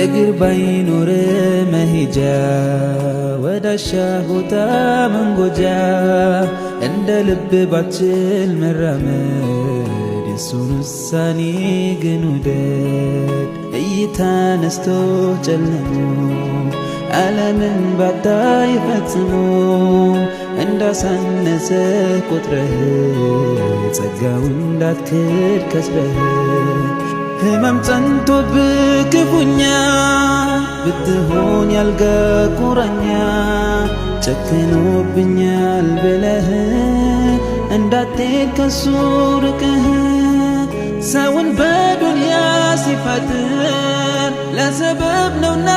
እግር ባይኖር መሄጃ ወዳሻ ቦታ መንጎጃ እንደ ልብ ባችል መራመድ የሱን ውሳኔ ግን ውደድ እይታ ነስቶ ጨለሞ ዓለምን ባታይ ፈጽሞ እንዳሳነሰ ቁጥረህ ጸጋው እንዳትክድ ከስረህ ህመም ጸንቶት ብክፉኛ ብትሆን ያልጋ ቁራኛ ጨክኖብኛል ብለህ እንዳትሄድ ከሱ ርቅህ ሰውን በዱንያ ሲፈጥር ለሰበብ ነውና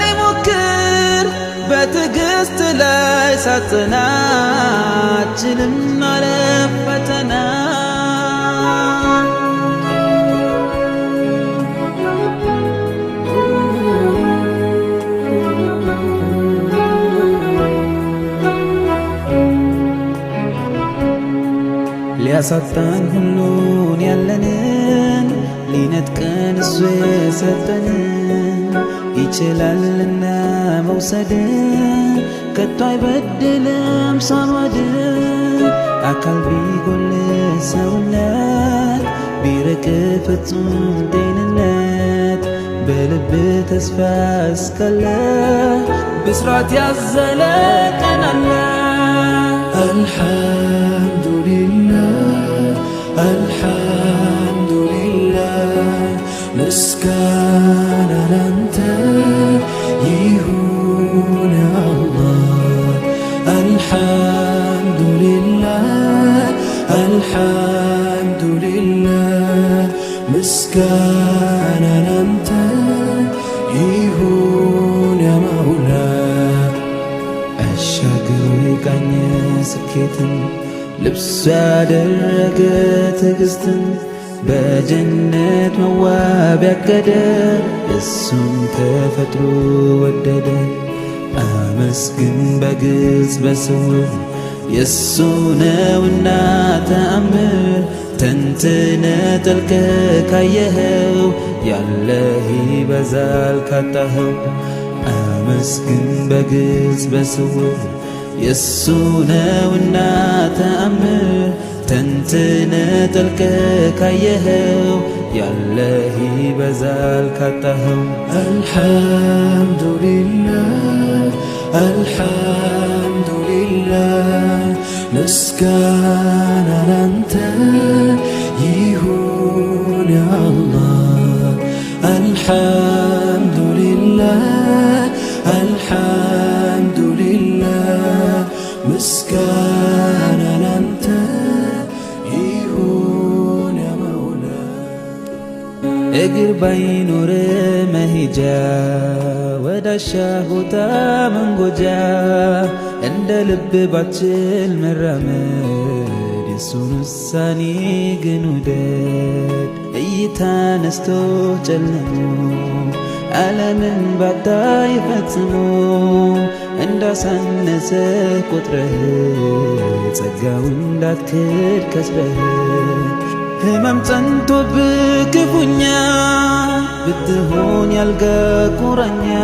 ሊሞክር በትዕግሥት ላይ ሳትናችልም አለፈተና ያሳጣን ሁሉን ያለንን ሊነጥቀን እሱ የሰጠንን ይችላልና መውሰድ ከቶ አይበድልም ሳማድ አካል ቢጎል ሰውነት ቢረቅ ፍጹም ጤንነት በልብ ተስፋ እስካለ ብስራት ያዘለ ቀናለ አልሐምዱሊላ الحمد لله مسكان أنت يهون الله الحمد لله الحمد لله مسكان أنت يهون يا مولاي أشهد لك أن سكتن ልብሱ ያደረገ ትዕግሥትን በጀነት መዋብ ያቀደ እሱም ተፈጥሮ ወደደ። አመስግን በግልጽ በስውር የእሱ ነውና ተአምር ተንትነ ጠልቀ ካየኸው ያለህ ይበዛል ካጣኸው። አመስግን በግልጽ በስውር የሱነውና ተአምር ተንትነ ጠልቀ ካየኸው ያለህ ይበዛል ካጣኸው። አልሐምዱሊላህ አልሐምዱሊላህ ምስጋና ላንተ ይሁን ያአላህ አልሐምዱሊላህ እግር ባይኖር መሄጃ ወዳሻ ቦታ መንጎጃ እንደ ልብ ባችል መራመድ የሱን ውሳኔ ግን ውደድ እይታ ነስቶ ጨልሞ ዓለምን ባታይ ፈጽሞ እንዳሳነሰ ቁጥረህ ጸጋው እንዳትክድ ከስረህ ህመም ጸንቶብህ ክፉኛ ብትሆን ያልገቁረኛ